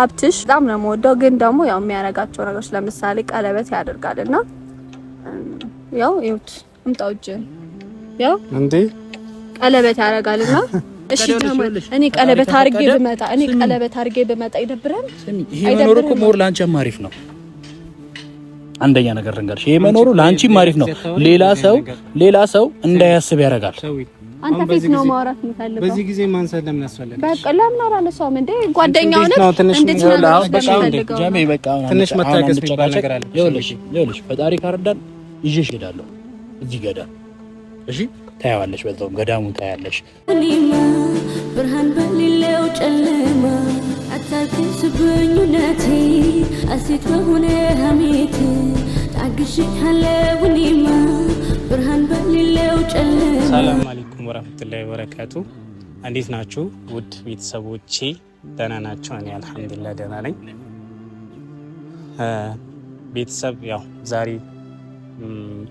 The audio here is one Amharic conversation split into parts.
ሀብትሽ በጣም ነው የምወደው። ግን ደግሞ ያው የሚያረጋቸው ነገሮች ለምሳሌ ቀለበት ያደርጋል እና ያው ይሁት እምጣው እጅ ያው እንዴ ቀለበት ያደርጋል እና እሺ እኔ ቀለበት አድርጌ ብመጣ እኔ ቀለበት አድርጌ ብመጣ ይደብራል። ይሄ መኖሩ እኮ ሞር ለአንቺም አሪፍ ነው። አንደኛ ነገር ልንገርሽ፣ ይሄ መኖሩ ለአንቺም አሪፍ ነው። ሌላ ሰው ሌላ ሰው እንዳያስብ ያደርጋል። አንተ ፊት ነው ማውራት የምፈልገው። በዚህ ጊዜ ማንሳት ለምን አስፈለገ? በቃ ለምን አላነሳውም እንዴ? ጓደኛው ነው እንዴት ነው? ትንሽ መታገስ የሚባል ነገር አለ። ይኸውልሽ ይኸውልሽ፣ ፈጣሪ ካረዳን ይዤሽ እሄዳለሁ እዚህ ገዳም። እሺ ታያዋለሽ፣ በዛውም ገዳሙ ታያለሽ። ብርሃን በሌለው ጨለማ አታግስብኝ እውነቴ፣ አሴት በሆነ ሐሜት ታግሼሻለሁ እኔማ ብርሃን በሌለው ጨለማ ወራህመቱላሂ ወበረካቱ። እንዴት ናችሁ ውድ ቤተሰቦቼ? ደህና ናቸው። እኔ አልሐምዱሊላህ ደህና ነኝ። ቤተሰብ ያው ዛሬ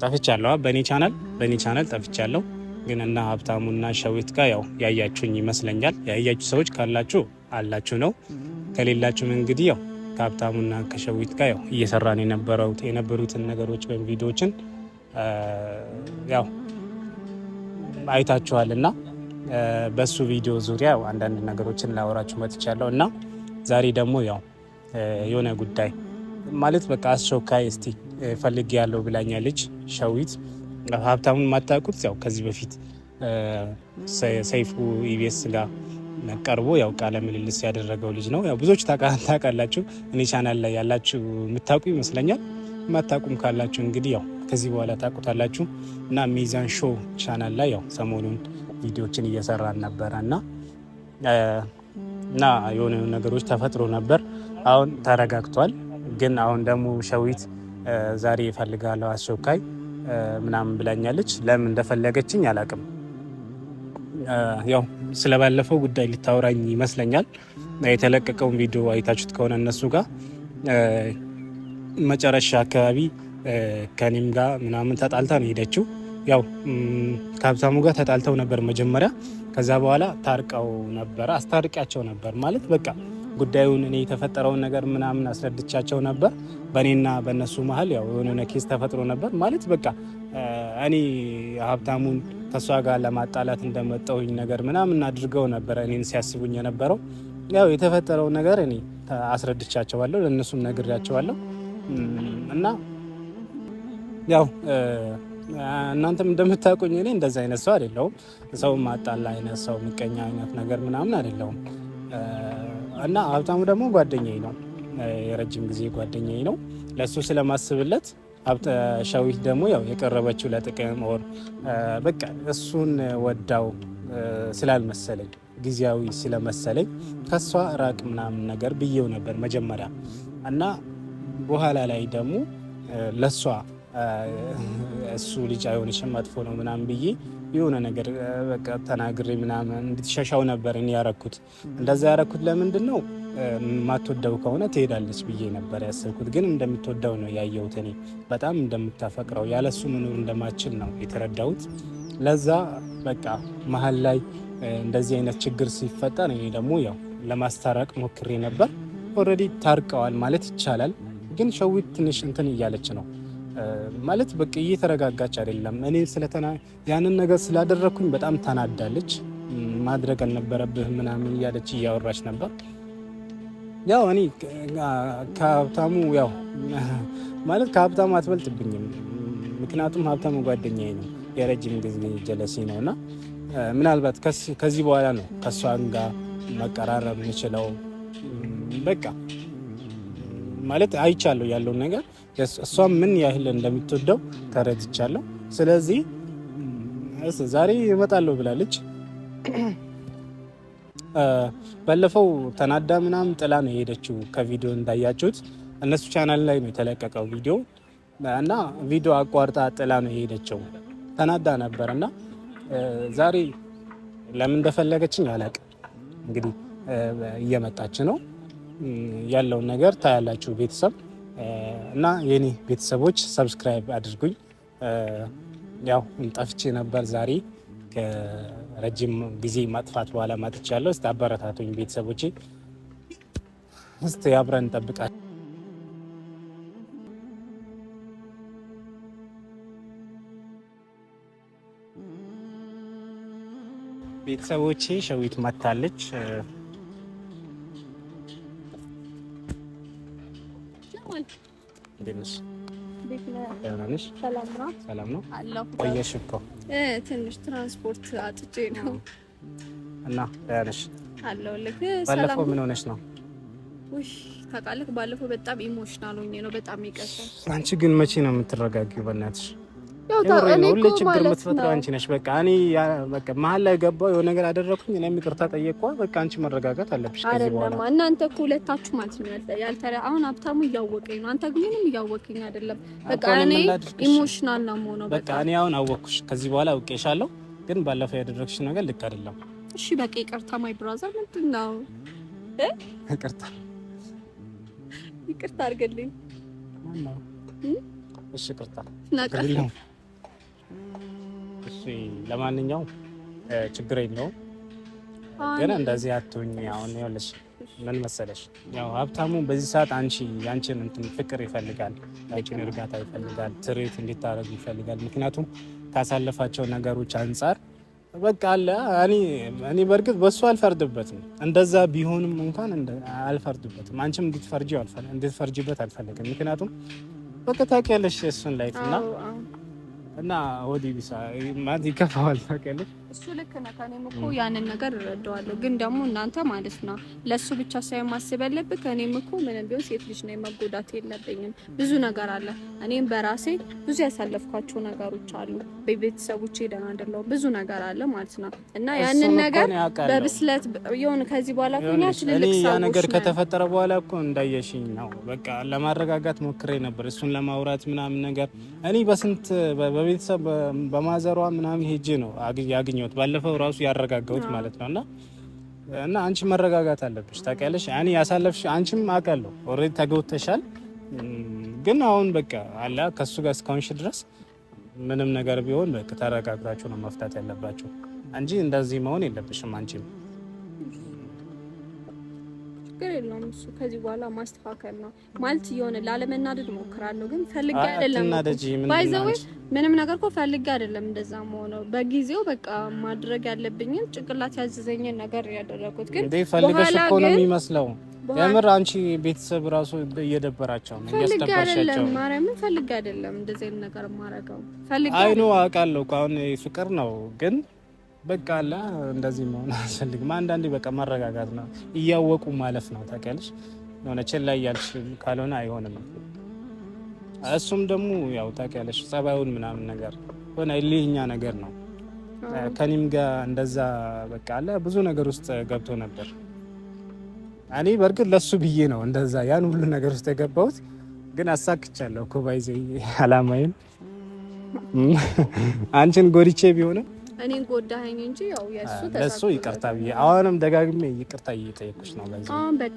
ጠፍቻለሁ፣ በእኔ ቻናል በእኔ ቻናል ጠፍቻለሁ። ግን እና ሀብታሙና ሸዊት ጋር ያው ያያችሁኝ ይመስለኛል። ያያችሁ ሰዎች ካላችሁ አላችሁ ነው፣ ከሌላችሁም እንግዲህ ያው ከሀብታሙና ከሸዊት ጋር ያው እየሰራን የነበረው የነበሩትን ነገሮች ወይም ቪዲዮዎችን ያው አይታችኋል እና በሱ ቪዲዮ ዙሪያ አንዳንድ ነገሮችን ላወራችሁ መጥቻለሁ እና ዛሬ ደግሞ ያው የሆነ ጉዳይ ማለት በቃ አስቸኳይ እስቲ ፈልግ ያለው ብላኛ ልጅ ሸዊት ሀብታሙን ማታቁት ያው ከዚህ በፊት ሰይፉ ኢቢኤስ ጋር ቀርቦ ያው ቃለ ምልልስ ያደረገው ልጅ ነው። ያው ብዙዎች ታውቃላችሁ። እኔ ቻናል ላይ ያላችሁ የምታውቁ ይመስለኛል። የማታውቁም ካላችሁ እንግዲህ ያው ከዚህ በኋላ ታውቁታላችሁ። እና ሚዛን ሾው ቻናል ላይ ያው ሰሞኑን ቪዲዮችን እየሰራን ነበረ እና እና የሆነ ነገሮች ተፈጥሮ ነበር። አሁን ተረጋግቷል። ግን አሁን ደግሞ ሸዊት ዛሬ እፈልጋለሁ አስቸኳይ ምናምን ብላኛለች። ለምን እንደፈለገችኝ አላውቅም። ያው ስለባለፈው ጉዳይ ልታወራኝ ይመስለኛል። የተለቀቀውን ቪዲዮ አይታችሁት ከሆነ እነሱ ጋር መጨረሻ አካባቢ ከኔም ጋር ምናምን ተጣልታ ነው ሄደችው። ያው ከሀብታሙ ጋር ተጣልተው ነበር መጀመሪያ። ከዛ በኋላ ታርቀው ነበር። አስታርቂያቸው ነበር ማለት በቃ ጉዳዩን እኔ የተፈጠረውን ነገር ምናምን አስረድቻቸው ነበር። በእኔና በእነሱ መሀል ያው የሆነ ኬስ ተፈጥሮ ነበር ማለት በቃ እኔ ሀብታሙን ከእሷ ጋር ለማጣላት እንደመጣሁኝ ነገር ምናምን አድርገው ነበረ እኔን ሲያስቡኝ የነበረው። ያው የተፈጠረውን ነገር እኔ አስረድቻቸዋለሁ፣ ለእነሱም ነግሬያቸዋለሁ እና ያው እናንተም እንደምታውቁኝ እኔ እንደዚህ አይነት ሰው አይደለሁም። ሰው ማጣላ አይነት ሰው ምቀኛ አይነት ነገር ምናምን አይደለሁም። እና ሀብታሙ ደግሞ ጓደኛዬ ነው፣ የረጅም ጊዜ ጓደኛዬ ነው። ለእሱ ስለማስብለት ሸዊት ደግሞ ያው የቀረበችው ለጥቅም ወር በቃ እሱን ወዳው ስላልመሰለኝ ጊዜያዊ ስለመሰለኝ ከሷ ራቅ ምናምን ነገር ብዬው ነበር መጀመሪያ እና በኋላ ላይ ደግሞ ለእሷ እሱ ልጅ አይሆንሽም መጥፎ ነው ምናምን ብዬ የሆነ ነገር በቃ ተናግሬ ምናምን እንድትሸሻው ነበር እኔ ያረኩት። እንደዛ ያረኩት ለምንድን ነው ማትወደው ከሆነ ትሄዳለች ብዬ ነበር ያሰብኩት፣ ግን እንደምትወደው ነው ያየሁት። እኔ በጣም እንደምታፈቅረው ያለሱ መኖር እንደማችል ነው የተረዳሁት። ለዛ በቃ መሀል ላይ እንደዚህ አይነት ችግር ሲፈጠር እኔ ደግሞ ያው ለማስታረቅ ሞክሬ ነበር። ኦልሬዲ ታርቀዋል ማለት ይቻላል፣ ግን ሸዊት ትንሽ እንትን እያለች ነው ማለት በቃ እየተረጋጋች አይደለም። እኔ ስለተና ያንን ነገር ስላደረግኩኝ በጣም ተናዳለች። ማድረግ አልነበረብህ ምናምን እያለች እያወራች ነበር። ያው እኔ ከሀብታሙ ያው ማለት ከሀብታሙ አትበልጥብኝም። ምክንያቱም ሀብታሙ ጓደኛዬ ነው፣ የረጅም ጊዜ ጀለሴ ነው እና ምናልባት ከዚህ በኋላ ነው ከእሷን ጋር መቀራረብ የምችለው። በቃ ማለት አይቻለሁ ያለውን ነገር እሷም ምን ያህል እንደምትወደው ተረድቻለሁ። ስለዚህ ዛሬ እመጣለሁ ብላለች። ባለፈው ተናዳ ምናምን ጥላ ነው የሄደችው። ከቪዲዮ እንዳያችሁት እነሱ ቻናል ላይ ነው የተለቀቀው ቪዲዮ እና ቪዲዮ አቋርጣ ጥላ ነው የሄደችው። ተናዳ ነበር እና ዛሬ ለምን እንደፈለገችኝ አላውቅም። እንግዲህ እየመጣች ነው ያለውን ነገር ታያላችሁ ቤተሰብ እና የኔ ቤተሰቦች ሰብስክራይብ አድርጉኝ። ያው ጠፍቼ ነበር ዛሬ ከረጅም ጊዜ ማጥፋት በኋላ ማጥቻለሁ። እስቲ አበረታቱኝ ቤተሰቦቼ፣ እስቲ አብረን እንጠብቃለን። ቤተሰቦቼ ሸዊት መታለች። እንዴት ነሽ? ሰላም ነው። ቆየሽ እኮ ትንሽ ትራንስፖርት አጥቼ ነው። እና ደህና ነሽ? ባለፈው ምን ሆነሽ ነው? ታውቃለህ፣ ባለፈው በጣም ኢሞሽናል ሆኜ ነው። በጣም ይቀሳል። አንቺ ግን መቼ ነው የምትረጋጊው? በእናትሽ ሁሌ ችግር የምትፈጥረው የሆነ ነገር አደረኩኝ፣ እኔም ይቅርታ ማለት ነው አሁን ሀብታሙ እያወቀኝ አንተ እያወቀኝ አይደለም። በቃ እኔ ከዚህ በኋላ አውቄሻለሁ። ግን ባለፈው ያደረግሽ ነገር ልክ አይደለም። እሺ በቃ ይቅርታ ማይ ብራዘር፣ ምንድን ነው ይቅርታ ይቅርታ አድርገልኝ። እሺ ይቅርታ ለማንኛውም ችግር የለውም። ግን እንደዚህ አትሁኝ። አሁን ይኸውልሽ ምን መሰለሽ፣ ያው ሀብታሙ በዚህ ሰዓት አንቺ ያንቺን እንትን ፍቅር ይፈልጋል፣ ያንቺን እርጋታ ይፈልጋል፣ ትሬት እንዲታረጉ ይፈልጋል። ምክንያቱም ካሳለፋቸው ነገሮች አንጻር በቃ አለ እኔ በእርግጥ በሱ አልፈርድበትም። እንደዛ ቢሆንም እንኳን አልፈርድበትም። አንቺም እንድትፈርጂበት አልፈልግም። ምክንያቱም በቃ ታውቂያለሽ እሱን ላይፍ እና እና ወዲህ ቢሳ ማለት ይከፋዋል ታውቂያለሽ እሱ ልክ ነው። ከኔም እኮ ያንን ነገር እረዳዋለሁ። ግን ደግሞ እናንተ ማለት ነው ለሱ ብቻ ሳይሆን ማስብ ያለብህ ከኔም እኮ ምንም ቢሆን ሴት ልጅ ነኝ መጎዳት የለብኝም። ብዙ ነገር አለ። እኔም በራሴ ብዙ ያሳለፍኳቸው ነገሮች አሉ። በቤተሰቦቼ ደህና አይደለሁም። ብዙ ነገር አለ ማለት ነው እና ያንን ነገር በብስለት የሆነ ከዚህ በኋላ ኮኛች ልልክ ሰው ያ ነገር ከተፈጠረ በኋላ እኮ እንዳየሽኝ ነው በቃ ለማረጋጋት ሞክሬ ነበር እሱን ለማውራት ምናምን ነገር እኔ በስንት በቤተሰብ በማዘሯ ምናምን ሄጄ ነው ያገኘው ያገኘሁት ባለፈው ራሱ ያረጋጋሁት ማለት ነው እና እና አንቺ መረጋጋት አለብሽ ታውቂያለሽ። እኔ ያሳለፍሽ አንቺም አውቃለሁ ኦልሬዲ ተገብተሻል። ግን አሁን በቃ አለ ከሱ ጋር እስካሁንሽ ድረስ ምንም ነገር ቢሆን በቃ ተረጋግታችሁ ነው መፍታት ያለባችሁ እንጂ እንደዚህ መሆን የለብሽም አንቺም ችግር የለውም። እሱ ከዚህ በኋላ ማስተካከል ነው ማለት የሆነ ላለመናደድ ሞክራለሁ፣ ግን ፈልጌ አይደለም ባይዘው ምንም ነገር እኮ ፈልጌ አይደለም እንደዛ መሆነው። በጊዜው በቃ ማድረግ ያለብኝን ጭንቅላት ያዘዘኝን ነገር ያደረኩት፣ ግን ፈልገሽ እኮ ነው የሚመስለው። የምር አንቺ ቤተሰብ ራሱ እየደበራቸው ነው እያስደባሻቸው። ማርያምን ፈልጌ አይደለም እንደዚህ ነገር ማረገው ፈልጌ አይኖ አውቃለሁ። አሁን ፍቅር ነው ግን በቃ አለ እንደዚህ መሆን አያስፈልግም። አንዳንዴ በቃ መረጋጋት ነው፣ እያወቁ ማለፍ ነው። ታውቂያለሽ፣ የሆነ ችላ እያልሽ ካልሆነ አይሆንም። እሱም ደግሞ ያው ታውቂያለሽ፣ ጸባዩን ምናምን ነገር ሆነ ሌኛ ነገር ነው። ከኔም ጋር እንደዛ በቃ አለ ብዙ ነገር ውስጥ ገብቶ ነበር። እኔ በእርግጥ ለሱ ብዬ ነው እንደዛ ያን ሁሉ ነገር ውስጥ የገባሁት፣ ግን አሳክቻለሁ እኮ ባይዘ አላማዬን አንቺን ጎድቼ ቢሆንም እኔን ጎዳኸኝ እንጂ ያው የሱ ለሱ ይቅርታ ብዬ አሁንም ደጋግሜ ይቅርታ እየጠየኩሽ ነው። ለዚህ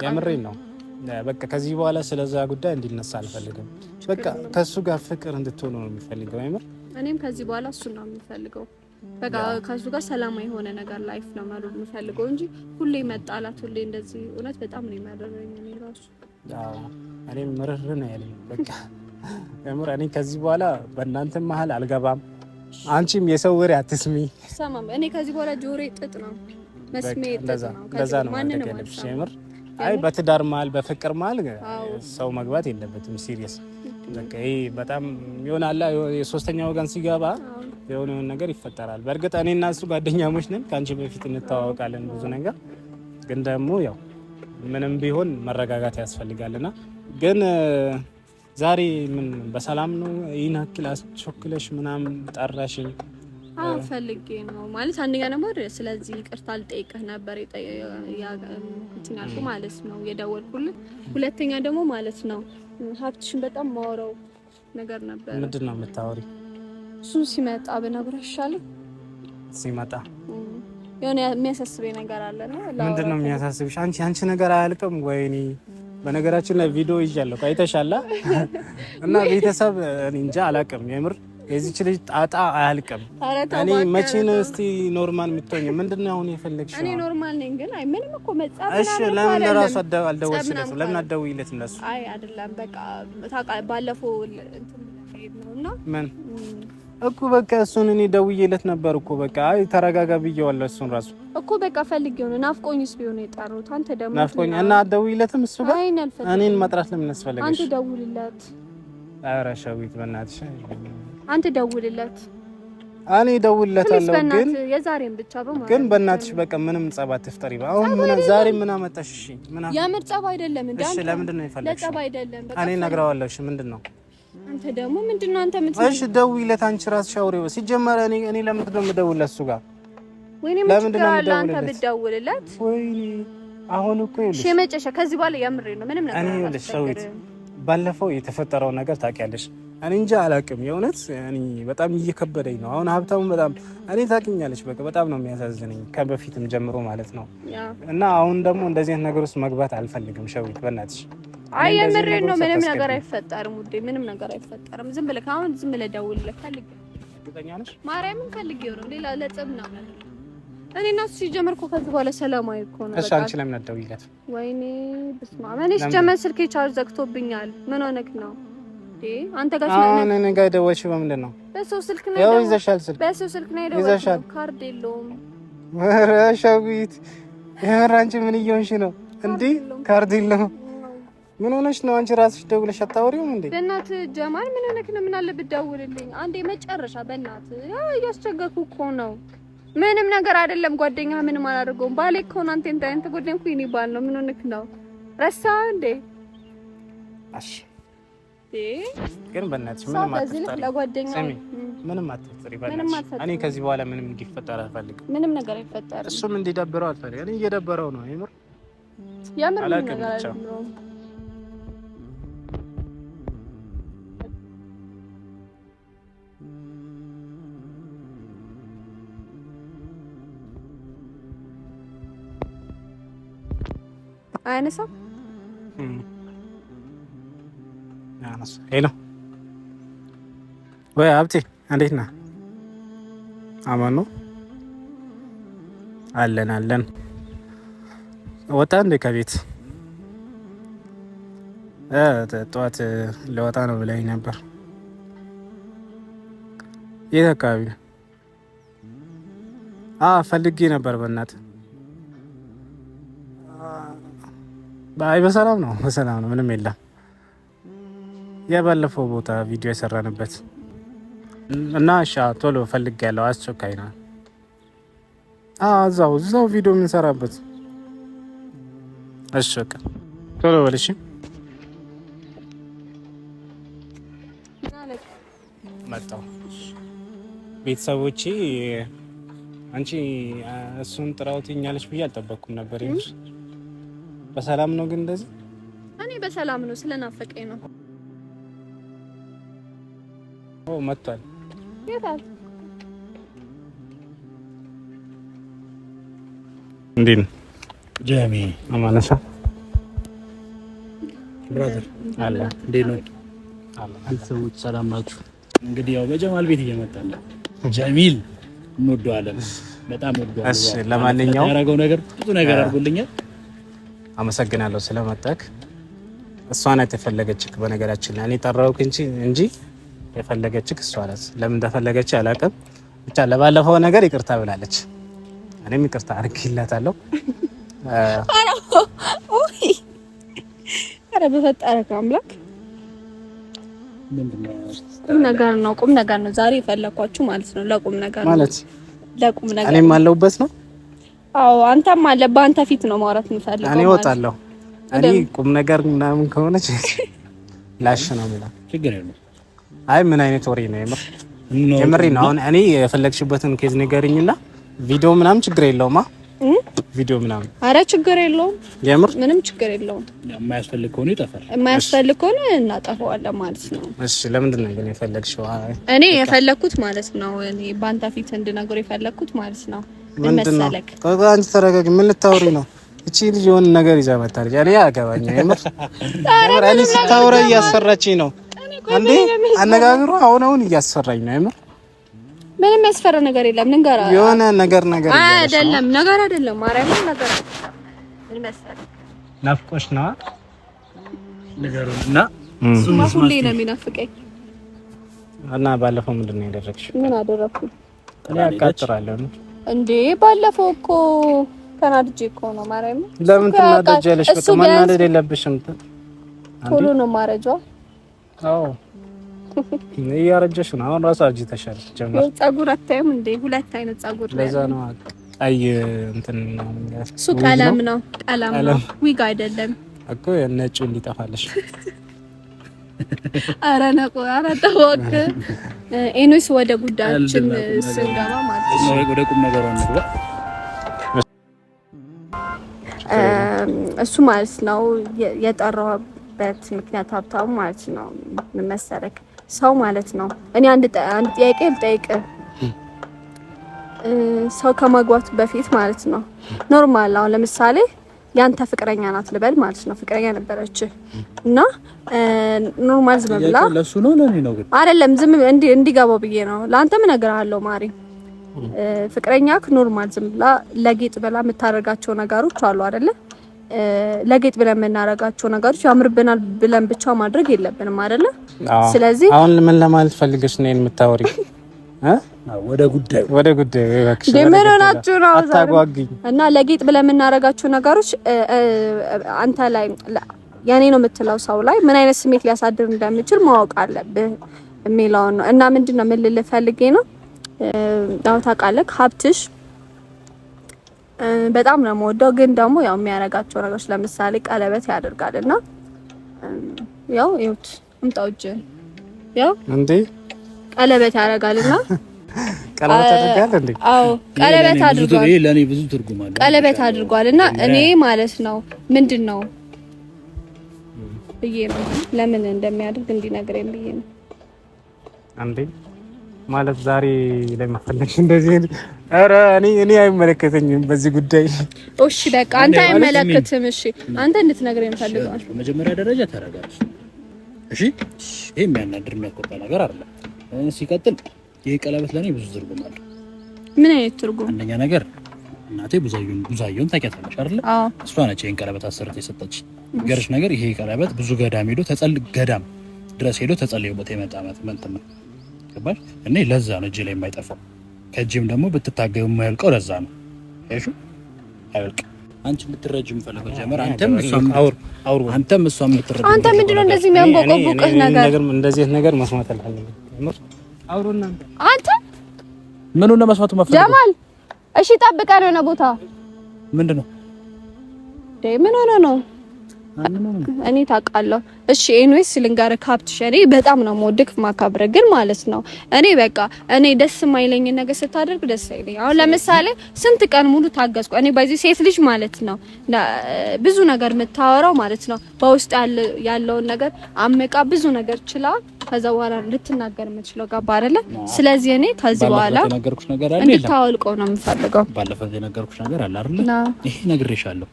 የምሬን ነው። በቃ ከዚህ በኋላ ስለዛ ጉዳይ እንዲነሳ አልፈልግም። በቃ ከሱ ጋር ፍቅር እንድትሆኑ ነው የሚፈልገው። አይምር እኔም ከዚህ በኋላ እሱ ነው የሚፈልገው። በቃ ከሱ ጋር ሰላማዊ የሆነ ነገር ላይፍ ነው ማለት የሚፈልገው እንጂ ሁሌ መጣላት፣ ሁሌ እንደዚህ እውነት በጣም ነው የሚያደርገኝ። እኔ ራሱ እኔም ምርር ነው ያለኝ። በቃ የምር እኔ ከዚህ በኋላ በእናንተ መሀል አልገባም። አንቺም የሰው ወሬ አትስሚ። ሰማም እኔ ከዚህ በኋላ ጆሮዬ ጥጥ ነው መስሜ ጥጥ ነው። እንደዛ ነው ማንንም የምር አይ በትዳር መሀል በፍቅር መሀል ሰው መግባት የለበትም። ሲሪየስ በቃ ይሄ በጣም ይሆናል። የሶስተኛ ወገን ሲገባ የሆነ ነገር ይፈጠራል። በእርግጥ እኔ እና እሱ ጓደኛሞች ነን፣ ከአንቺ በፊት እንተዋወቃለን ብዙ ነገር ግን ደግሞ ያው ምንም ቢሆን መረጋጋት ያስፈልጋልና ግን ዛሬ ምን በሰላም ነው? ይህን ያክል አስቸኩለሽ ምናምን ጠራሽኝ ፈልጌ ነው ማለት አንደኛ ነበር። ስለዚህ ቅርታ ልጠይቅህ ነበር እንትን ማለት ነው የደወልኩልህ። ሁለተኛ ደግሞ ማለት ነው ሀብትሽን በጣም ማወራው ነገር ነበር። ምንድን ነው የምታወሪ? እሱ ሲመጣ ብነግርህ ይሻልህ። ሲመጣ የሆነ የሚያሳስበኝ ነገር አለ። ምንድን ነው የሚያሳስብሽ? አንቺ አንቺ ነገር አያልቅም። ወይኔ በነገራችን ላይ ቪዲዮ ይዣለሁ አይተሻላ። እና ቤተሰብ እንጃ አላቅም፣ የምር የዚች ልጅ ጣጣ አያልቅም። እኔ መቼ ነው እስቲ ኖርማል የምትሆኝ? ምንድን ነው አሁን የፈለግሽ? እኔ ኖርማል ነኝ፣ ግን አይ ምንም እኮ መጻፍ። እሺ ለምን ራሱ አልደወልሽለትም? ለምን አትደውይለትም ለሱ? አይ አይደለም በቃ ባለፈው እንትን ምን እኮ በቃ እሱን እኔ ደውዬለት ነበር እኮ በቃ አይ ተረጋጋ ብዬዋለሁ። እሱን ራሱ እኮ በቃ ፈልጌው ነው። ናፍቆኝስ ቢሆን የጠሩት አንተ ደግሞ ናፍቆኝ እና አትደውይለትም እሱ ጋር እኔን መጥራት ለምን አስፈለገሽ? አንተ ደውልለት። ኧረ ሸዊት በእናትሽ አንተ ደውልለት። እኔ እደውልለታለሁ ግን የዛሬን ብቻ በማለት ግን በእናትሽ በቃ ምንም ጸብ አትፍጠሪ። አሁን ምን ዛሬ ምን አመጣሽ? እሺ ምን አመጣሽ? የምር ጸብ አይደለም እንዴ? እሺ ለምንድን ነው የፈለግሽው? ለጸብ አይደለም በቃ እኔ እነግረዋለሁ። እሺ ምንድን ነው አንተ ደግሞ ምንድነው አንተ ምትል? እሺ ደውይለት አንቺ ራስሽ አውሪው። ሲጀመር እኔ እኔ ለምንድን ነው የምደውልለት እሱ ጋር? ወይኔ ምንድነው አንተ ብደውልለት። ወይኔ አሁን እኮ ይኸውልሽ፣ መጨረሻ ከዚህ በኋላ ያምሬ ነው ምንም ነገር እኔ ይኸውልሽ፣ ሰውዬ ባለፈው የተፈጠረው ነገር ታውቂያለሽ። እኔ እንጃ አላውቅም፣ የእውነት እኔ በጣም እየከበደኝ ነው አሁን። ሀብታሙ በጣም እኔ ታውቂኛለሽ፣ በቃ በጣም ነው የሚያሳዝነኝ ከበፊትም ጀምሮ ማለት ነው። እና አሁን ደግሞ እንደዚህ አይነት ነገር ውስጥ መግባት አልፈልግም። ሸዊት በእናትሽ አይ የምሬን ነው። ምንም ነገር አይፈጠርም ውዴ፣ ምንም ነገር አይፈጠርም። ዝም ብለህ አሁን ዝም ብለህ ደውልልህ ፈልጌው ማርያምን ፈልጌው ነው። ሌላ ለጥብ ነው እኔ እና እሱ ሲጀመር እኮ ከዚህ በኋላ ሰላማዊ እኮ ነው። እሺ አንቺ ለምን አትደውይለት? ወይኔ በስመ አብ። እኔ ሲጀመር ስልኬ ቻርጅ ዘግቶብኛል። ምን ሆነክ ነው? አንተ ጋር አሁን እኔ ጋር የደወልሽው በምንድን ነው? በሰው ስልክ ነው። ያው ይዘሻል፣ ስልክ በሰው ስልክ ነው ይዘሻል። ካርድ የለውም። ኧረ ሸዊት የምር አንቺ ምን እየሆንሽ ነው? እንዲህ ካርድ የለውም ምን ሆነሽ ነው አንቺ? ራስሽ ደውለሽ አታወሪውም እንዴ? በእናትህ ጀማል ምን ሆነክ ነው? ምን አለ ደውልልኝ አንዴ መጨረሻ። በእናትህ እያስቸገርኩ እኮ ነው። ምንም ነገር አይደለም። ጓደኛ ምንም አላደርገውም። ባሌ እኮ ነው። አንተ እንደ አንተ ጎደንኩ ይኔ ባል ነው። ምን ሆነክ ነው? ረሳ እንዴ? እሺ ግን በእናትሽ ምንም አትፍጠሪ፣ ለጓደኛ ምንም አትፍጠሪ። በእናትሽ እኔ ከዚህ በኋላ ምንም እንዲፈጠር አልፈልግም። ምንም ነገር አይፈጠርም። እሱም እንዲደብረው አልፈልግም። እኔ እየደበረው ነው የምር የምር ነገር አያነሳም። ሄሎ ወይ ሀብቴ እንዴት ነህ? አማን ነው አለን አለን። ወጣ እንዴ ከቤት ጠዋት ለወጣ ነው ብላኝ ነበር። የት አካባቢ ነው? ፈልጌ ነበር በእናትህ አይ በሰላም ነው፣ በሰላም ነው። ምንም የለም። ያ ባለፈው ቦታ ቪዲዮ የሰራንበት እና እሺ፣ ቶሎ ፈልግ ያለው አስቸኳይ ነው። እዛው እዛው ቪዲዮ የምንሰራበት እሺ፣ በቃ ቶሎ በልሽ። መጣሁ። ቤተሰቦቼ አንቺ እሱን ጥራውትኛለች ብዬ አልጠበቅኩም ነበር። በሰላም ነው ግን እንደዚህ? እኔ በሰላም ነው፣ ስለናፈቀኝ ነው። ኦ መጥቷል። የታል? እንዴት ነው ጀሚ? አማነሳ ብራዘር አለ። እንዴት ነው ቤተሰቦች? ሰላም ናችሁ? እንግዲህ ያው በጀማል ቤት እየመጣን ነው። ጀሚል እንወደዋለን፣ በጣም ወደዋለን። ለማንኛውም ያደረገው ነገር ብዙ ነገር አድርጎልኛል። አመሰግናለሁ ስለመጣክ። እሷ ናት የፈለገችክ። በነገራችን ላይ እኔ ጠራሁክ እንጂ የፈለገችክ እሷ ናት። ለምን እንደፈለገች አላውቅም። ብቻ ለባለፈው ነገር ይቅርታ ብላለች። እኔም ይቅርታ አድርጌላታለሁ። ኧረ በፈጠረህ አምላክ ቁም ነገር ነው፣ ቁም ነገር ነው። ዛሬ ማለት ነው ለቁም ነገር ነው ማለት ለቁም ነገር እኔም አለሁበት ነው አዎ አንተም አለ። በአንተ ፊት ነው ማውራት የምፈልገው። እኔ እወጣለሁ። እኔ ቁም ነገር ምናምን ከሆነች ላሽ ነው የሚለው ችግር የለም። አይ ምን አይነት ወሬ ነው? የምር የምር ነው። አሁን እኔ የፈለግሽበትን ኬዝ ንገሪኝና ቪዲዮ ምናምን ችግር የለውማ። ቪዲዮ ምናምን አረ ችግር የለውም። የምር ምንም ችግር የለውም። የማያስፈልግ ከሆነ ይጠፋል፣ የማያስፈልግ ከሆነ እናጠፋዋለን ማለት ነው። እሺ ለምንድን ነው ግን የፈለግሽው? እኔ የፈለግኩት ማለት ነው እኔ በአንተ ፊት እንድነግር የፈለግኩት ማለት ነው ምንድን ነው? አንቺ ተረጋጊ። ምን ልታወሪ ነው? እቺ ልጅ የሆነ ነገር ይዛ መታለች። እኔ አገባኝ የምር እኔ ስታወራ እያስፈራችኝ ነው እንዴ? አነጋግሩ አሁን አሁን እያስፈራኝ ነው የምር። ምንም ያስፈራ ነገር የለም። ንገራ የሆነ ነገር ነገር አይደለም ነገር አይደለም። ማርያምን ነገር ምን መሰለህ ናፍቆሽ ነዋ ነገሩና እሱም ሁሌ ነው የሚናፍቀኝ። እና ባለፈው ምንድን ነው ያደረግሽው? ምን አደረግኩ? እኔ አቃጥራለሁ ነው እንዴ ባለፈው እኮ ተናድጄ እኮ ነው ማርያም። ለምን ትናደጃለሽ? በቃ መናደድ የለብሽም። ቶሎ ነው ማረጃ። አዎ እያረጀሽ ነው አሁን። ራሱ አርጅተሻል። ጀምር ጸጉር አታይም እንዴ? ሁለት አይነት ጸጉር ለዛ ነው ቀይ እንትን እሱ ቀለም ነው። ቀለም ነው ዊግ አይደለም እኮ ነጭ እንዲጠፋለሽ ኧረ ነቁ! ኧረ ተው ኤኖስ፣ ወደ ጉዳያችን ስንገባ ማለት ነው ወደ ቁም ነገሩ እንግባ። እሱ ማለት ነው የጠራሁበት ምክንያት ሀብታሙ ማለት ነው መሰረክ ሰው ማለት ነው። እኔ አንድ አንድ ጥያቄ ልጠይቅህ ሰው ከማግባቱ በፊት ማለት ነው ኖርማል አሁን ለምሳሌ ያንተ ፍቅረኛ ናት ልበል ማለት ነው። ፍቅረኛ ነበረች እና ኖርማል ዝም ብላ ለሱ ነው ለኔ ነው ግን አይደለም፣ ዝም እንዲ እንዲገባው ብዬ ነው። ላንተ ለአንተም እነግርሃለሁ ማሪ፣ ፍቅረኛክ ኖርማል ዝም ብላ ለጌጥ ብላ የምታደርጋቸው ነገሮች አሉ አይደለ? ለጌጥ ብለን የምናደርጋቸው ነገሮች ያምርብናል ብለን ብቻ ማድረግ የለብንም አይደለ? ስለዚህ አሁን ምን ለማለት ፈልገሽ ነው የምታወሪ? ወደ ጉዳዩ ወደ ጉዳዩ ምን ሆናችሁ ነው? አታጓጉኝ። እና ለጌጥ ብለን የምናደርጋችሁ ነገሮች አንተ ላይ የኔ ነው የምትለው ሰው ላይ ምን አይነት ስሜት ሊያሳድር እንደሚችል ማወቅ አለብህ የሚለውን ነው። እና ምንድን ነው ምን ልልህ ፈልጌ ነው ያው ታውቃለህ፣ ሀብትሽ በጣም ነው የምወደው፣ ግን ደግሞ ያው የሚያደርጋቸው ነገሮች ለምሳሌ ቀለበት ያደርጋል እና ያው ይኸውት እምጣው እጅ ያው እንዴ ቀለበት ያደርጋልና ቀለበት አድርጓል እንዴ? ብዙ ትርጉም አለው። ቀለበት አድርጓል እና እኔ ማለት ነው ምንድን ነው ብዬ ነው ለምን እንደሚያደርግ እንዲነግረኝ ብዬ ነው። አንዴ ማለት ዛሬ ላይ እንደዚህ ኧረ እኔ እኔ አይመለከተኝም በዚህ ጉዳይ። እሺ በቃ አንተ አይመለከትም። እሺ አንተ እንድትነግረኝ ፈልገዋል። በመጀመሪያ ደረጃ ተረጋጋ። እሺ ይሄ የሚያናድር የሚያቆጣ ነገር አይደለም። ሲቀጥል ይሄ ቀለበት ለእኔ ብዙ ትርጉም አለው። ምን አይነት ትርጉም? አንደኛ ነገር እናቴ ብዙየውን ብዙየውን ታውቂያታለሽ አይደል? እሷ ነች ይሄን ቀለበት አሰርታ የሰጠች። ገርሽ ነገር ይሄ ቀለበት ብዙ ገዳም ሄዶ ተጸል ገዳም ድረስ ሄዶ ተጸልዮበት የመጣ ማለት ነው። ገባሽ? እኔ ለዛ ነው እጅ ላይ የማይጠፋው ከእጅም ደግሞ ብትታገብ የማያልቀው ለዛ ነው። እሺ አይልቅ አንቺ ልትረጅ የምፈልገው ጀመር አንተም እሷም አውር አውር አንተም እሷም ልትረጅ አንተ ምንድነው እንደዚህ የሚያንቦቆቦቅህ ነገር? እንደዚህ ነገር መስማት አልፈልግም አንተ ምኑን ነው መስማቱ? ጀማል እሺ፣ ጠብቀን የሆነ ቦታ ምንድን ነው ምን ሆነ ነው እኔ ታውቃለሁ። እሺ ኤኒዌይስ ልንገርህ ሀብትሽ፣ እኔ በጣም ነው የምወድህ ማካብረ ግን ማለት ነው እኔ በቃ እኔ ደስ የማይለኝ ነገር ስታደርግ ደስ አይለኝ። አሁን ለምሳሌ ስንት ቀን ሙሉ ታገዝኩ እኔ በዚህ ሴት ልጅ ማለት ነው ብዙ ነገር የምታወራው ማለት ነው በውስጥ ያለውን ነገር አመቃ ብዙ ነገር ችላ ከዛ በኋላ ልትናገር የምችለው ጋባ አይደለ። ስለዚህ እኔ ከዚህ በኋላ እንድታወልቀው ነው የምፈልገው። ባለፈው የነገርኩሽ ነገር አለ አይደለ? ይሄ ነግሬሻለሁ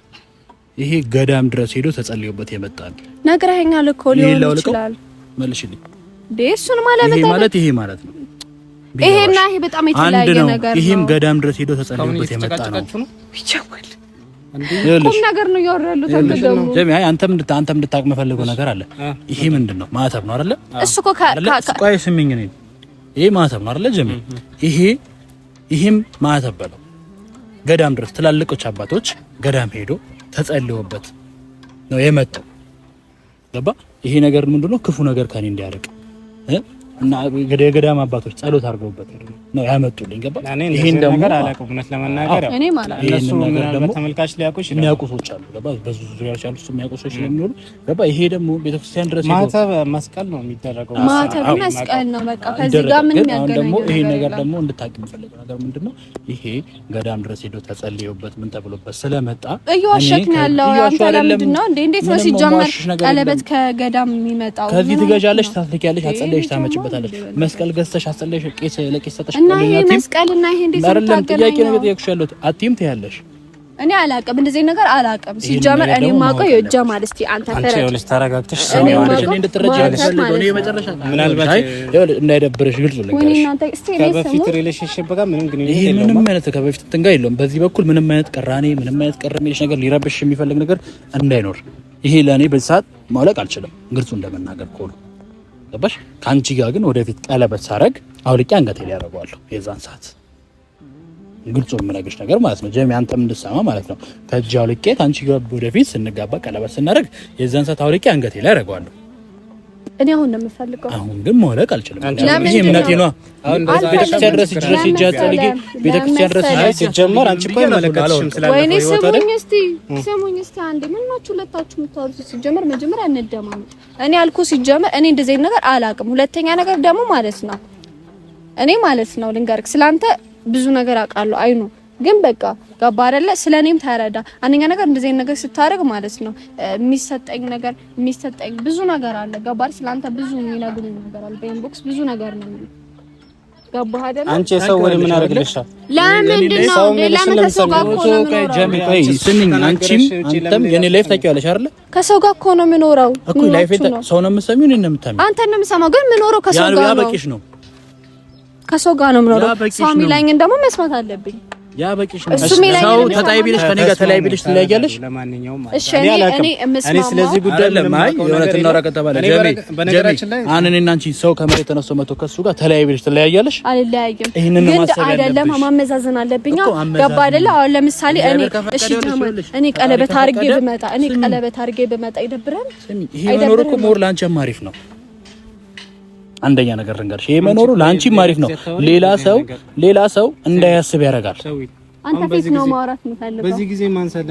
ይሄ ገዳም ድረስ ሄዶ ተጸልዮበት የመጣ ነው። ነግረኸኛል እኮ ሊሆን ይችላል። መልሽልኝ። ማለት ለመጣ ማለት ይሄ ማለት ነው። ይሄና ይሄ በጣም የተለያየ ነገር ነው። ይሄም ገዳም ድረስ ሄዶ ተጸልዮበት የመጣ ነው። ይቸኩል ቁም ነገር ነው ያወራሉ። ተንደሙ ጀሚ አይ አንተም አንተም እንድታቅ መፈለገው ነገር አለ። ይሄ ምንድን ነው? ማተብ ነው አይደለ? እሱ እኮ ካ ቃይ ስሚኝ ነው ይሄ ማተብ ነው አይደለ? ጀሚ ይሄ ይሄም ማተብ በለው ገዳም ድረስ ትላልቆች አባቶች ገዳም ሄዶ ተጸልዮበት ነው የመጣው። ገባ ይሄ ነገር ምንድነው? ክፉ ነገር ከኔ እንዲያርቅ እና ገዳ የገዳም አባቶች ጸሎት አድርገውበት ነው ያመጡልኝ። ገባ ይሄን ደግሞ አላውቅም፣ እውነት ለመናገር ያው እነሱ ተመልካች ሊያውቁ የሚያውቁ አሉ። ገባ በዙ ዙሪያ ያሉ እሱ የሚያውቁ ሰዎች ስለሚኖሩ ገባ ይሄ ደግሞ ቤተክርስቲያን ድረስ ማተብ መስቀል ነው የሚደረገው፣ ማተብ መስቀል ነው በቃ። ከዚህ ጋር ምንም ያገናኘው ደግሞ ይሄ ነገር ደግሞ እንድታቂ የምፈልገው ነገር ምንድነው? ይሄ ገዳም ድረስ ሄዶ ተጸልየውበት ምን ተብሎበት ስለመጣ እየዋሸክ ነው ያለው አንተ። ለምንድን ነው እንዴ? እንዴት ነው ሲጀመር ቀለበት ከገዳም የሚመጣው? ከዚህ ትገዣለሽ፣ ታስልኪያለሽ፣ አጸለየሽ ታመጭበት ትገባበታለች። መስቀል ገዝተሽ አስጠለሽ ቄስ ለቄስ ሰጠሽ እና ይሄ መስቀል እና ይሄ እንዴት ጥያቄ ነው የጠየቅኩሽ ያለሁት አትይም ትያለሽ። እኔ አላውቅም፣ እንደዚህ ነገር አላውቅም። ሲጀመር እኔ ማውቀው የእጃ ማለት እስኪ አንተ ፈረጅ ተረጋግተሽ ሰሚ ማለት እኔ እንድትረጂ ያለሽ እኔ የመጨረሻ ምናልባት ይኸውልህ እንዳይደብረሽ ግልጽ ልንገርሽ። ከበፊት ሪሌሽንሽፕ ጋር ምንም ግንኙነት የለውም። ይሄ ምንም አይነት ከበፊት እንትን ጋር የለውም። በዚህ በኩል ምንም አይነት ቅራኔ፣ ምንም አይነት ቅር ነገር፣ ሊረብሽ የሚፈልግ ነገር እንዳይኖር ይሄ ለእኔ በዚህ ሰዓት ማውለቅ አልችልም። ግልጹ እንደመናገር ከሆነ ገባሽ? ከአንቺ ጋር ግን ወደፊት ቀለበት ሳረግ አውልቄ አንገቴ ላይ ያደርገዋለሁ። የዛን ሰዓት ግልጹ የምነግርሽ ነገር ማለት ነው ጀሚ፣ አንተም እንድትሰማ ማለት ነው። ከእጅ አውልቄ ከአንቺ ጋር ወደፊት ስንጋባ ቀለበት ስናደርግ የዛን ሰዓት አውልቄ አንገቴ ላይ ያደርገዋለሁ። እኔ አሁን ነው የምፈልገው። አሁን ግን ማለቅ አልችልም። እኔ እምነቴ ነው። አሁን ቤተክርስቲያን ድረስ ድረስ ይጃጠልኝ ቤተክርስቲያን ድረስ ላይ ሲጀመር አንቺ እኮ አይመለከትሽም ስላለ ወይኔ ስሙኝ እስቲ ስሙኝ እስቲ አንዴ ምን ናችሁ ሁለታችሁ የምታወሩት? ሲጀመር መጀመሪያ እንደማመጥ እኔ አልኩ። ሲጀመር እኔ እንደዚህ ነገር አላቅም። ሁለተኛ ነገር ደግሞ ማለት ነው እኔ ማለት ነው ልንገርክ፣ ስላንተ ብዙ ነገር አውቃለሁ አይኑ ግን በቃ ገባ አይደለ? ስለ እኔም ተረዳ። አንደኛ ነገር እንደዚህ አይነት ነገር ስታደርግ ማለት ነው የሚሰጠኝ ነገር የሚሰጠኝ ብዙ ነገር አለ። ገባ አይደል? ስላንተ ብዙ የሚነግሩ ነገር አለ። በኢንቦክስ ብዙ ነገር ነው። ገባ አይደለ? አንቺ ሰው ወደ ምን አደርግልሻል? ለምንድን ነው ለምን ከሰው ጋር እኮ ነው የምኖረው? አንቺም አንተም የኔ ላይፍ ታውቂዋለሽ አይደለ? ከሰው ጋር እኮ ነው የምኖረው እኮ ላይፍ ሰው ነው የምትሰሚው ነው የምታሚው አንተ ነው የምሰማው፣ ግን የምኖረው ከሰው ጋር ነው። ያ በቂሽ ነው ከሰው ጋር ነው የምኖረው። ሰው የሚለኝን ደግሞ መስማት አለብኝ። ያ በቂሽ ነው። እሱም ሰው ተጣይ ቢልሽ ከኔ ጋር ተለያይ ቢልሽ ትለያያለሽ። ለማንኛውም እሺ፣ እኔ ስለዚህ ጉዳይ ለማይ የእውነት እናውራ ከተባለ ጀሚ በነገራችን ላይ አሁን እና አንቺ ሰው ከመሬት ተነስቶ መቶ ከሱ ጋር ተለያይ ቢልሽ ትለያያለሽ። አልለያይም፣ ይሄንን ነው ማሰብ ያለብሽ። አይደለም ማመዛዘን አለብኝ። ገባ አይደለ? አሁን ለምሳሌ እኔ እሺ፣ ታማል እኔ ቀለበት አድርጌ ብመጣ እኔ ቀለበት አድርጌ ብመጣ ይደብረን። ስሚ፣ ይሄ ነው ሞር ላንቺ አሪፍ ነው አንደኛ ነገር ልንገርሽ፣ ይሄ መኖሩ ለአንቺም አሪፍ ነው። ሌላ ሰው ሌላ ሰው እንዳያስብ ያደርጋል። አንተ ፊት ነው ማውራት የምፈልገው። በዚህ ጊዜ ማንሳት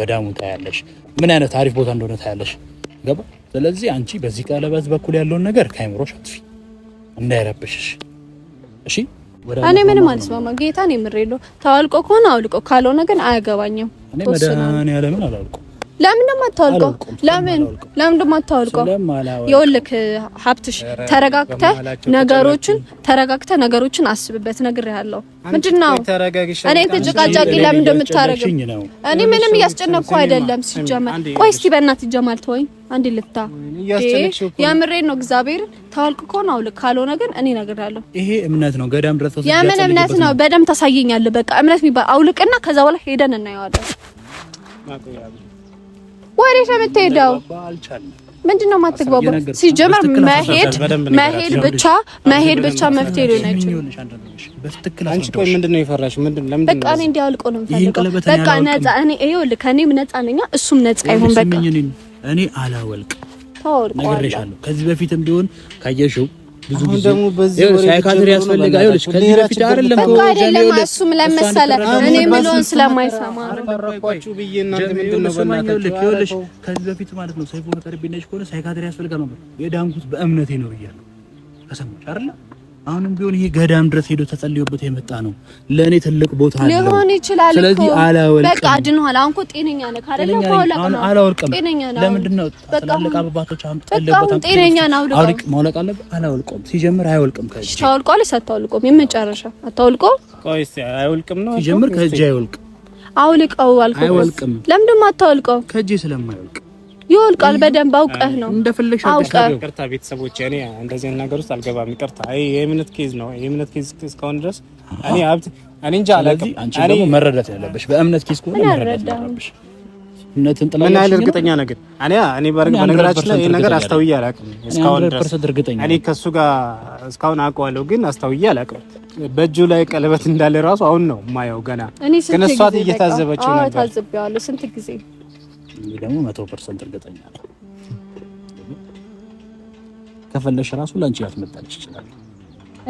ገዳሙ ታያለሽ፣ ምን አይነት አሪፍ ቦታ እንደሆነ ታያለሽ። ገባ? ስለዚህ አንቺ በዚህ ቀለበት በኩል ያለውን ነገር ከአይምሮሽ አጥፊ፣ እንዳይረብሽሽ። እሺ እኔ ምንም አልስማማ ጌታን የምሬለው። ታዋልቆ ከሆነ አውልቆ፣ ካልሆነ ግን አያገባኝም። እኔ መድኃኒዓለምን አላውቀውም ለምን ደሞ ለምን ለምን ደሞ አታወልቀው? ሀብትሽ ተረጋግተ ነገሮችን ተረጋግተ ነገሮችን አስብበት። ነገር ያለው ምንድነው እኔ ተጨቃጫቂ ለምን እንደምታረገው እኔ ምንም እያስጨነቅኩ አይደለም። ሲጀመር ቆይ እስቲ በእናትህ ጀማል ተወኝ አንዴ ልታ የምሬን ነው። እግዚአብሔር ታዋልቅ ከሆነ አውልቅ፣ ካልሆነ ግን እኔ እነግርሃለሁ። ይሄ እምነት ነው። ገዳም ድረስ ወስደህ የምን እምነት ነው? በደምብ ታሳየኛለህ። በቃ እምነት የሚባል አውልቅና ከዛ በኋላ ሄደን እናየዋለን። ወዴት ነው የምትሄደው? ምንድን ነው የማትግባቡ? ሲጀመር መሄድ መሄድ ብቻ መሄድ ብቻ መፍትሄ ሊሆነች አንቺ ቆይ ምንድን ነው የፈራሽው? ምንድን በቃ እኔ ነው የምፈልገው። በቃ ነፃ እኔ ይኸውልህ፣ ከእኔም ነፃ ነኝ፣ እሱም ነፃ ይሁን። በቃ እኔ አላወልቅ ነግሬሻለሁ። ከዚህ በፊትም ቢሆን ካየሽው ብዙ ጊዜ ሳይካትሪ ያስፈልጋል። ይኸውልሽ ከዚህ በፊት አይደለም አይደለም እሱም ለመሰለ እኔ ምለውን ስለማይሰማ ይኸውልሽ ከዚህ በፊት ማለት ነው ሰይፉ መጠርብኝ ነች ከሆነ ሳይካትሪ ያስፈልጋል ነበር የዳንኩት በእምነቴ ነው ብያለሁ። ከሰማች አይደለም አሁንም ቢሆን ይሄ ገዳም ድረስ ሄዶ ተጸልዮበት የመጣ ነው። ለእኔ ትልቅ ቦታ አለው ሊሆን ይችላል። ስለዚህ አላወልቅም። በቃ አድኖሃል። አሁን እኮ ጤነኛ ነህ ነው ጤነኛ ነው አውልቅ ሲጀምር አያወልቅም። ቆይ ነው ሲጀምር ከእጅ አያወልቅም። አውልቀው አልኩህ። ለምንድን ነው የማታወልቀው? ከእጅ ስለማይወልቅ ይወልቃል። በደንብ አውቀህ ነው እንደፈለግሽ አውቀህ። ይቅርታ ቤተሰቦች፣ እኔ እንደዚህ አይነት ነገር ውስጥ አልገባም። ይቅርታ። አይ የእምነት ኬዝ ነው። የእምነት ኬዝ እስካሁን ድረስ እኔ ሀብት እኔ እንጃ አላውቅም። አንቺ ደግሞ መረዳት ያለብሽ በእምነት ኬዝ ከሆነ መረዳት ያለብሽ እምነትን ጥላ ምን ያህል እርግጠኛ ነገር እኔ እኔ ባርግ በነገራችን ላይ ይሄ ነገር አስተውዬ አላውቅም እስካሁን ድረስ እኔ ከሱ ጋር እስካሁን አውቀዋለሁ፣ ግን አስተውዬ አላውቅም። በእጁ ላይ ቀለበት እንዳለ ራሱ አሁን ነው ማየው ገና። ግን እሷት እየታዘበችው ነበር። አዎ ታዝቤዋለሁ ስንት ጊዜ ይህ ደግሞ መቶ ፐርሰንት እርግጠኛ ነኝ። ከፈለሽ ራሱ ላንቺ ያስመጣልሽ ይችላል።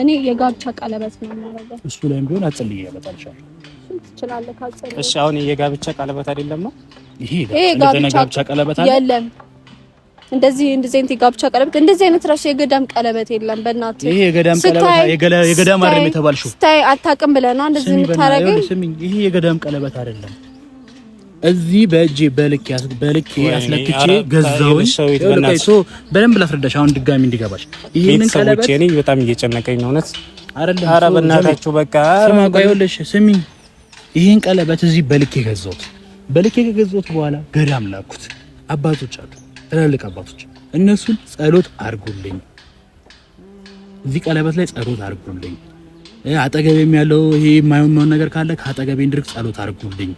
እኔ የጋብቻ ቀለበት ነው የማደርገው። እሱ ላይም ቢሆን አጽልዬ ያመጣልሻል። እሺ አሁን የጋብቻ ቀለበት አይደለም ነው ይሄ? የጋብቻ ቀለበት የለም። እንደዚህ እንደዚህ አይነት የጋብቻ ቀለበት እንደዚህ አይነት ራሱ የገዳም ቀለበት የለም። በእናትህ ይሄ የገዳም ቀለበት የገዳም አይደለም የተባልሽው ስታይ አታውቅም ብለህ ነው እንደዚህ የምታደርገው። ይሄ የገዳም ቀለበት አይደለም እዚህ በእጄ በልክ በልክ አስለክቼ ገዛሁኝ። በደንብ ላስረዳሽ አሁን ድጋሚ እንዲገባሽ ይሄንን ቀለበት እኔ በጣም እየጨነቀኝ ነው እውነት። አይደለም ኧረ በእናታችሁ በቃ ስማ፣ ቆይ ስሚ፣ ይሄን ቀለበት እዚህ በልክ ገዛሁት። በልክ ከገዛሁት በኋላ ገዳም ላኩት። አባቶች አሉ ትላልቅ አባቶች፣ እነሱን ጸሎት አድርጉልኝ፣ እዚህ ቀለበት ላይ ጸሎት አድርጉልኝ፣ አጠገቤም ያለው ይሄ የማይሆን ነገር ካለ ከአጠገቤ እንድርቅ ጸሎት አድርጉልኝ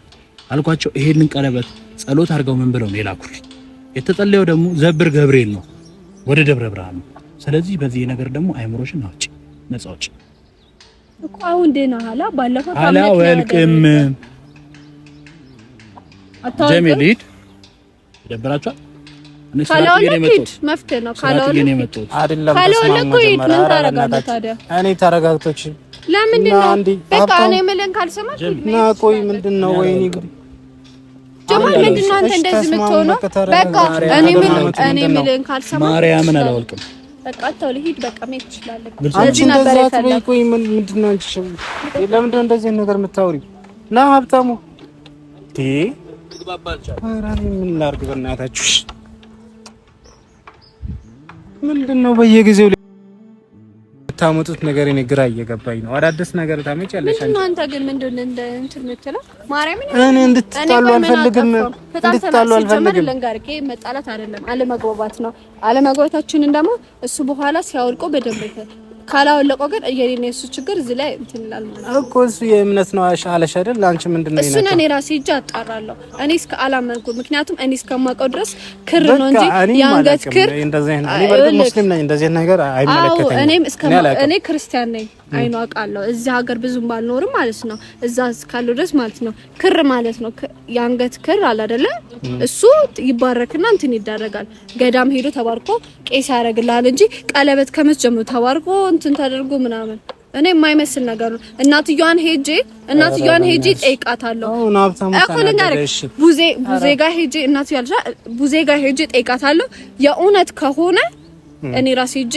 አልኳቸው። ይሄንን ቀለበት ጸሎት አድርገው ምን ብለው ነው የላኩልኝ። የተጠለየው ደግሞ ዘብር ገብርኤል ነው ወደ ደብረ ብርሃን ነው። ስለዚህ በዚህ ነገር ደግሞ አይምሮሽን አውጪ፣ ነጻ አውጪ አላወልቅም። ጀሚል ሂድ፣ ይደብራችኋል። ካላወለኩት ነው። ምን ታዲያ? ተረጋግቶች ና ቆይ ምንድን ነው ወይኔ ጀማል ምንድን ነው አንተ እንደዚህ የምትሆነው? በቃ እኔ ምን እኔ ማርያምን አላወልቅም። በቃ አታው ልሂድ። በቃ ለምንድን ነው እንደዚህ ነገር የምታወሪው? ና ሀብታሙ ቲ ምን ላድርግ? በእናታችሁ ምንድን ነው በየጊዜው የምታመጡት ነገር እኔ ግራ እየገባኝ ነው። አዳዲስ ነገር ታመጫለሽ አንቺ። አንተ ግን ምንድን ነው እንደ እንትን የምትለው? ማርያምን እኔ እንድትጣሉ አልፈልግም፣ እንድትጣሉ አልፈልግም። ለንጋርቄ መጣላት አይደለም አለመግባባት ነው። አለመግባባታችንን ደግሞ እሱ በኋላ ሲያወልቆ በደንብ ካላወለቆ ግን እየኔና የሱ ችግር እዚህ ላይ እንትን ይላል እኮ። እሱ የእምነት ነው አለሽ አይደል? አንቺ ምንድን ነው እሱን እኔ ራሴ እጅ አጣራለሁ። እኔ እስከ አላመንኩ፣ ምክንያቱም እኔ እስከማውቀው ድረስ ክር ነው እንጂ የአንገት ክር። እኔ በርግጥ ሙስሊም ነኝ፣ እንደዚህ ነገር አይመለከተኝም። እኔም እስከ እኔ ክርስቲያን ነኝ አይኑ ቃለው እዚህ ሀገር ብዙም ባልኖርም ማለት ነው እዛ እስካለሁ ድረስ ማለት ነው ክር ማለት ነው የአንገት ክር አለ አይደለ እሱ ይባረክና እንትን ይዳረጋል። ገዳም ሄዶ ተባርኮ ቄስ ያደርግልሃል እንጂ ቀለበት ከመስ ጀምሮ ተባርኮ እንትን ተደርጎ ምናምን እኔ የማይመስል ነገር ነው። እናትዮዋን ሄጄ እናትዮዋን ሄጄ ጠይቃታለሁ። ቡዜ ቡዜ ጋር ሄጄ እናትዮዋን ቡዜ ጋር ሄጄ ጠይቃታለሁ። የእውነት ከሆነ እኔ ራሴ ሄጄ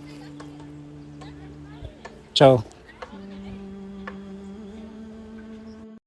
Ciao.